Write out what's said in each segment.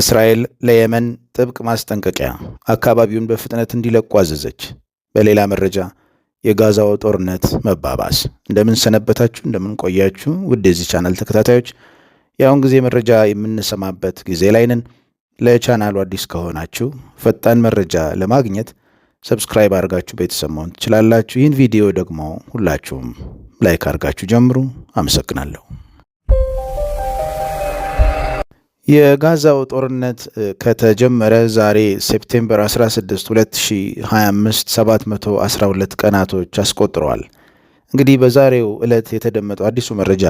እስራኤል ለየመን ጥብቅ ማስጠንቀቂያ፣ አካባቢውን በፍጥነት እንዲለቁ አዘዘች። በሌላ መረጃ የጋዛው ጦርነት መባባስ። እንደምን ሰነበታችሁ፣ እንደምን ቆያችሁ ውድ የዚህ ቻናል ተከታታዮች፣ የአሁን ጊዜ መረጃ የምንሰማበት ጊዜ ላይ ነን። ለቻናሉ አዲስ ከሆናችሁ ፈጣን መረጃ ለማግኘት ሰብስክራይብ አድርጋችሁ ቤተሰብ መሆን ትችላላችሁ። ይህን ቪዲዮ ደግሞ ሁላችሁም ላይክ አድርጋችሁ ጀምሩ። አመሰግናለሁ። የጋዛው ጦርነት ከተጀመረ ዛሬ ሴፕቴምበር 16 2025 712 ቀናቶች አስቆጥረዋል። እንግዲህ በዛሬው ዕለት የተደመጠው አዲሱ መረጃ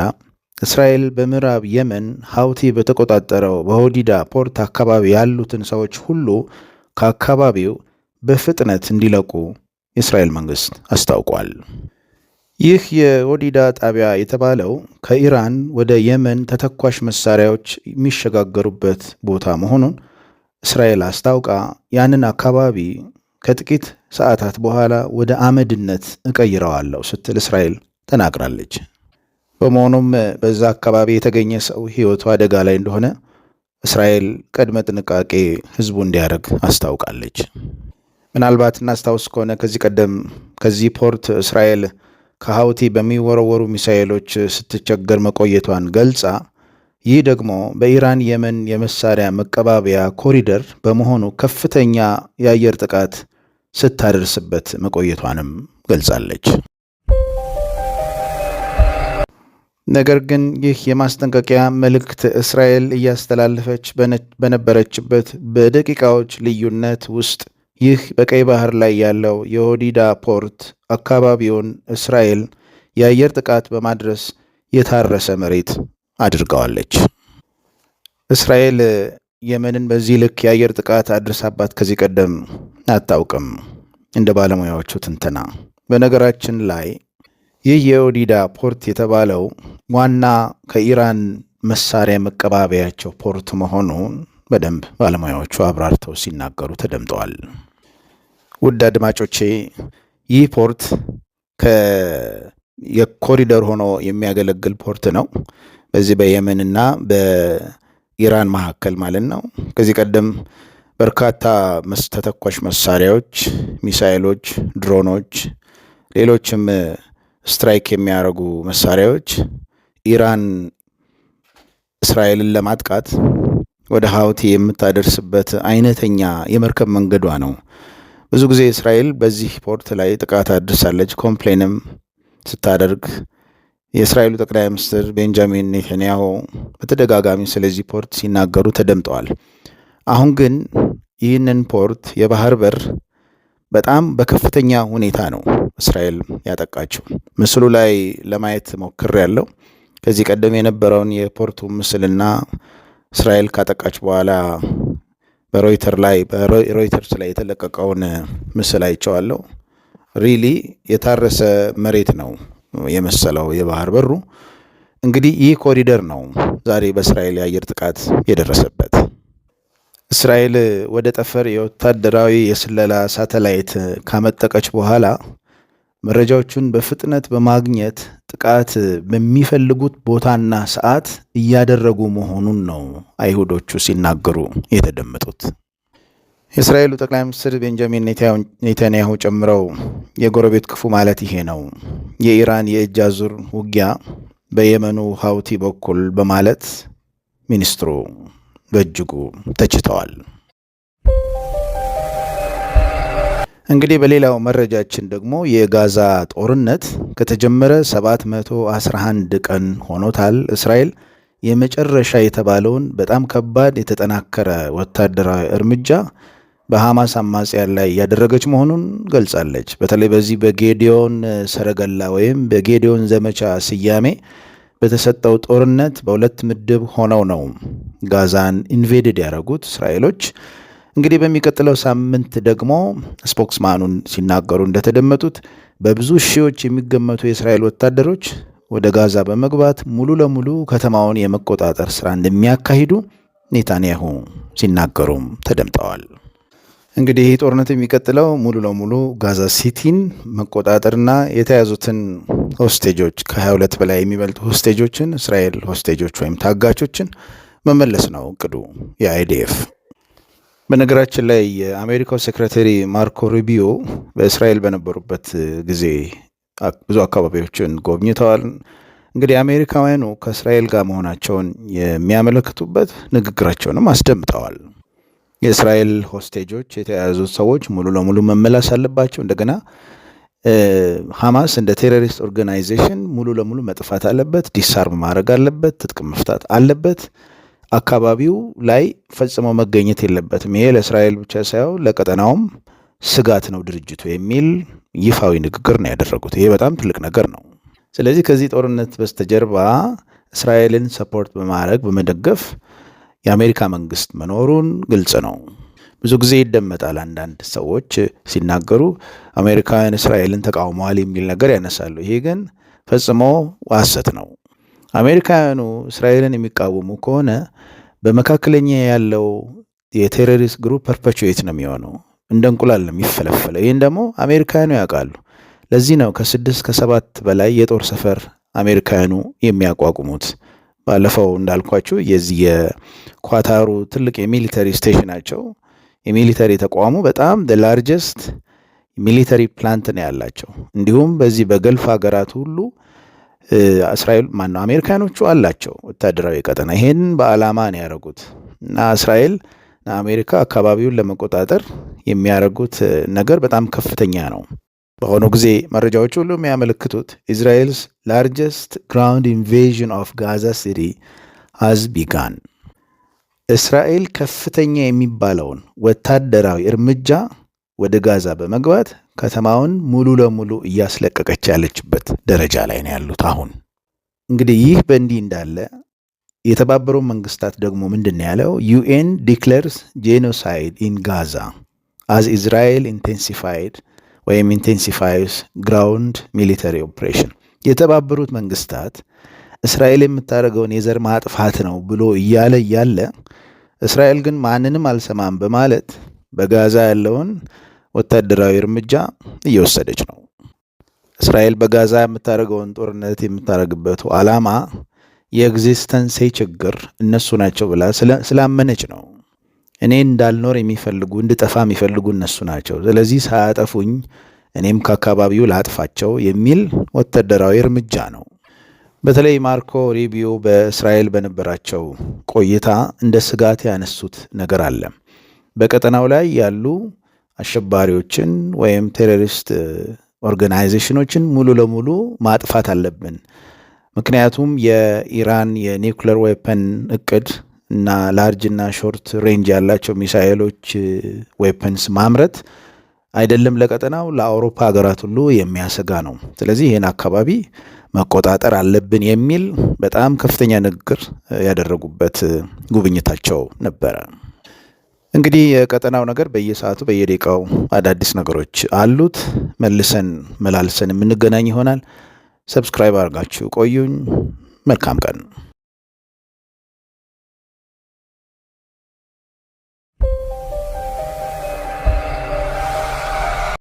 እስራኤል በምዕራብ የመን ሀውቲ በተቆጣጠረው በሆዲዳ ፖርት አካባቢ ያሉትን ሰዎች ሁሉ ከአካባቢው በፍጥነት እንዲለቁ የእስራኤል መንግሥት አስታውቋል። ይህ የኦዲዳ ጣቢያ የተባለው ከኢራን ወደ የመን ተተኳሽ መሳሪያዎች የሚሸጋገሩበት ቦታ መሆኑን እስራኤል አስታውቃ ያንን አካባቢ ከጥቂት ሰዓታት በኋላ ወደ አመድነት እቀይረዋለሁ ስትል እስራኤል ተናግራለች። በመሆኑም በዛ አካባቢ የተገኘ ሰው ሕይወቱ አደጋ ላይ እንደሆነ እስራኤል ቅድመ ጥንቃቄ ሕዝቡ እንዲያደርግ አስታውቃለች። ምናልባት እናስታውስ ከሆነ ከዚህ ቀደም ከዚህ ፖርት እስራኤል ከሀውቲ በሚወረወሩ ሚሳኤሎች ስትቸገር መቆየቷን ገልጻ ይህ ደግሞ በኢራን የመን የመሳሪያ መቀባበያ ኮሪደር በመሆኑ ከፍተኛ የአየር ጥቃት ስታደርስበት መቆየቷንም ገልጻለች። ነገር ግን ይህ የማስጠንቀቂያ መልእክት እስራኤል እያስተላለፈች በነበረችበት በደቂቃዎች ልዩነት ውስጥ ይህ በቀይ ባህር ላይ ያለው የሆዲዳ ፖርት አካባቢውን እስራኤል የአየር ጥቃት በማድረስ የታረሰ መሬት አድርገዋለች። እስራኤል የመንን በዚህ ልክ የአየር ጥቃት አድርሳባት ከዚህ ቀደም አታውቅም፣ እንደ ባለሙያዎቹ ትንተና። በነገራችን ላይ ይህ የኦዲዳ ፖርት የተባለው ዋና ከኢራን መሳሪያ መቀባበያቸው ፖርት መሆኑን በደንብ ባለሙያዎቹ አብራርተው ሲናገሩ ተደምጠዋል። ውድ አድማጮቼ ይህ ፖርት የኮሪደር ሆኖ የሚያገለግል ፖርት ነው። በዚህ በየመንና በኢራን መካከል ማለት ነው። ከዚህ ቀደም በርካታ ተተኳሽ መሳሪያዎች፣ ሚሳይሎች፣ ድሮኖች፣ ሌሎችም ስትራይክ የሚያደርጉ መሳሪያዎች ኢራን እስራኤልን ለማጥቃት ወደ ሀውቲ የምታደርስበት አይነተኛ የመርከብ መንገዷ ነው። ብዙ ጊዜ እስራኤል በዚህ ፖርት ላይ ጥቃት አድርሳለች ኮምፕሌንም ስታደርግ የእስራኤሉ ጠቅላይ ሚኒስትር ቤንጃሚን ኔታንያሁ በተደጋጋሚ ስለዚህ ፖርት ሲናገሩ ተደምጠዋል። አሁን ግን ይህንን ፖርት የባህር በር በጣም በከፍተኛ ሁኔታ ነው እስራኤል ያጠቃችው። ምስሉ ላይ ለማየት ሞክር ያለው ከዚህ ቀደም የነበረውን የፖርቱ ምስልና እስራኤል ካጠቃች በኋላ በሮይተር ላይ በሮይተርስ ላይ የተለቀቀውን ምስል አይቼዋለሁ። ሪሊ የታረሰ መሬት ነው የመሰለው የባህር በሩ። እንግዲህ ይህ ኮሪደር ነው ዛሬ በእስራኤል የአየር ጥቃት የደረሰበት። እስራኤል ወደ ጠፈር የወታደራዊ የስለላ ሳተላይት ካመጠቀች በኋላ መረጃዎቹን በፍጥነት በማግኘት ጥቃት በሚፈልጉት ቦታና ሰዓት እያደረጉ መሆኑን ነው አይሁዶቹ ሲናገሩ የተደመጡት። የእስራኤሉ ጠቅላይ ሚኒስትር ቤንጃሚን ኔታንያሁ ጨምረው የጎረቤት ክፉ ማለት ይሄ ነው፣ የኢራን የእጅ አዙር ውጊያ በየመኑ ሀውቲ በኩል በማለት ሚኒስትሩ በእጅጉ ተችተዋል። እንግዲህ በሌላው መረጃችን ደግሞ የጋዛ ጦርነት ከተጀመረ 711 ቀን ሆኖታል። እስራኤል የመጨረሻ የተባለውን በጣም ከባድ የተጠናከረ ወታደራዊ እርምጃ በሐማስ አማጽያን ላይ እያደረገች መሆኑን ገልጻለች። በተለይ በዚህ በጌዲዮን ሰረገላ ወይም በጌዲዮን ዘመቻ ስያሜ በተሰጠው ጦርነት በሁለት ምድብ ሆነው ነው ጋዛን ኢንቬድድ ያደረጉት እስራኤሎች እንግዲህ በሚቀጥለው ሳምንት ደግሞ ስፖክስማኑን ሲናገሩ እንደተደመጡት በብዙ ሺዎች የሚገመቱ የእስራኤል ወታደሮች ወደ ጋዛ በመግባት ሙሉ ለሙሉ ከተማውን የመቆጣጠር ስራ እንደሚያካሂዱ ኔታንያሁ ሲናገሩም ተደምጠዋል። እንግዲህ ይህ ጦርነት የሚቀጥለው ሙሉ ለሙሉ ጋዛ ሲቲን መቆጣጠርና የተያዙትን ሆስቴጆች ከ22 በላይ የሚበልጡ ሆስቴጆችን እስራኤል ሆስቴጆች ወይም ታጋቾችን መመለስ ነው እቅዱ የአይዲኤፍ በነገራችን ላይ የአሜሪካው ሴክሬታሪ ማርኮ ሩቢዮ በእስራኤል በነበሩበት ጊዜ ብዙ አካባቢዎችን ጎብኝተዋል። እንግዲህ አሜሪካውያኑ ከእስራኤል ጋር መሆናቸውን የሚያመለክቱበት ንግግራቸውንም አስደምጠዋል። የእስራኤል ሆስቴጆች የተያያዙት ሰዎች ሙሉ ለሙሉ መመላስ አለባቸው። እንደገና ሐማስ እንደ ቴሮሪስት ኦርጋናይዜሽን ሙሉ ለሙሉ መጥፋት አለበት። ዲሳርም ማድረግ አለበት። ትጥቅ መፍታት አለበት። አካባቢው ላይ ፈጽሞ መገኘት የለበትም። ይሄ ለእስራኤል ብቻ ሳይሆን ለቀጠናውም ስጋት ነው ድርጅቱ የሚል ይፋዊ ንግግር ነው ያደረጉት። ይሄ በጣም ትልቅ ነገር ነው። ስለዚህ ከዚህ ጦርነት በስተጀርባ እስራኤልን ሰፖርት በማድረግ በመደገፍ የአሜሪካ መንግስት መኖሩን ግልጽ ነው። ብዙ ጊዜ ይደመጣል። አንዳንድ ሰዎች ሲናገሩ አሜሪካውያን እስራኤልን ተቃውመዋል የሚል ነገር ያነሳሉ። ይሄ ግን ፈጽሞ ዋሰት ነው። አሜሪካውያኑ እስራኤልን የሚቃወሙ ከሆነ በመካከለኛ ያለው የቴሮሪስት ግሩፕ ፐርፐቹዌት ነው የሚሆነው፣ እንደ እንቁላል ነው የሚፈለፈለው። ይህን ደግሞ አሜሪካውያኑ ያውቃሉ። ለዚህ ነው ከስድስት ከሰባት በላይ የጦር ሰፈር አሜሪካውያኑ የሚያቋቁሙት። ባለፈው እንዳልኳችሁ የዚህ የኳታሩ ትልቅ የሚሊተሪ ስቴሽን ናቸው። የሚሊተሪ ተቋሙ በጣም ላርጀስት ሚሊተሪ ፕላንት ነው ያላቸው። እንዲሁም በዚህ በገልፍ ሀገራት ሁሉ እስራኤል ማነው አሜሪካኖቹ አላቸው ወታደራዊ ቀጠና። ይሄን በዓላማ ነው ያደረጉት እና እስራኤልና አሜሪካ አካባቢውን ለመቆጣጠር የሚያደርጉት ነገር በጣም ከፍተኛ ነው። በአሁኑ ጊዜ መረጃዎች ሁሉ የሚያመለክቱት ኢዝራኤልስ ላርጀስት ግራውንድ ኢንቬዥን ኦፍ ጋዛ ሲቲ ሃዝ ቢጋን እስራኤል ከፍተኛ የሚባለውን ወታደራዊ እርምጃ ወደ ጋዛ በመግባት ከተማውን ሙሉ ለሙሉ እያስለቀቀች ያለችበት ደረጃ ላይ ነው ያሉት። አሁን እንግዲህ ይህ በእንዲህ እንዳለ የተባበሩ መንግስታት ደግሞ ምንድን ነው ያለው? ዩኤን ዲክለርስ ጄኖሳይድ ኢን ጋዛ አዝ ኢዝራኤል ኢንቴንሲፋይድ ወይም ኢንቴንሲፋይስ ግራውንድ ሚሊተሪ ኦፕሬሽን የተባበሩት መንግስታት እስራኤል የምታደርገውን የዘር ማጥፋት ነው ብሎ እያለ እያለ እስራኤል ግን ማንንም አልሰማም በማለት በጋዛ ያለውን ወታደራዊ እርምጃ እየወሰደች ነው። እስራኤል በጋዛ የምታደርገውን ጦርነት የምታደርግበት ዓላማ የኤግዚስተንሴ ችግር እነሱ ናቸው ብላ ስላመነች ነው። እኔ እንዳልኖር የሚፈልጉ እንድጠፋ የሚፈልጉ እነሱ ናቸው። ስለዚህ ሳያጠፉኝ እኔም ከአካባቢው ላጥፋቸው የሚል ወታደራዊ እርምጃ ነው። በተለይ ማርኮ ሪቢዮ በእስራኤል በነበራቸው ቆይታ እንደ ስጋት ያነሱት ነገር አለ። በቀጠናው ላይ ያሉ አሸባሪዎችን ወይም ቴሮሪስት ኦርጋናይዜሽኖችን uh, ሙሉ ለሙሉ ማጥፋት አለብን። ምክንያቱም የኢራን የኒውክለር ዌፐን እቅድ እና ላርጅ እና ሾርት ሬንጅ ያላቸው ሚሳኤሎች uh, ዌፐንስ ማምረት አይደለም ለቀጠናው ለአውሮፓ ሀገራት ሁሉ የሚያሰጋ ነው። ስለዚህ ይህን አካባቢ መቆጣጠር አለብን የሚል በጣም ከፍተኛ ንግግር ያደረጉበት uh, ጉብኝታቸው ነበረ። እንግዲህ የቀጠናው ነገር በየሰዓቱ በየደቂቃው አዳዲስ ነገሮች አሉት። መልሰን መላልሰን የምንገናኝ ይሆናል። ሰብስክራይብ አድርጋችሁ ቆዩኝ። መልካም ቀን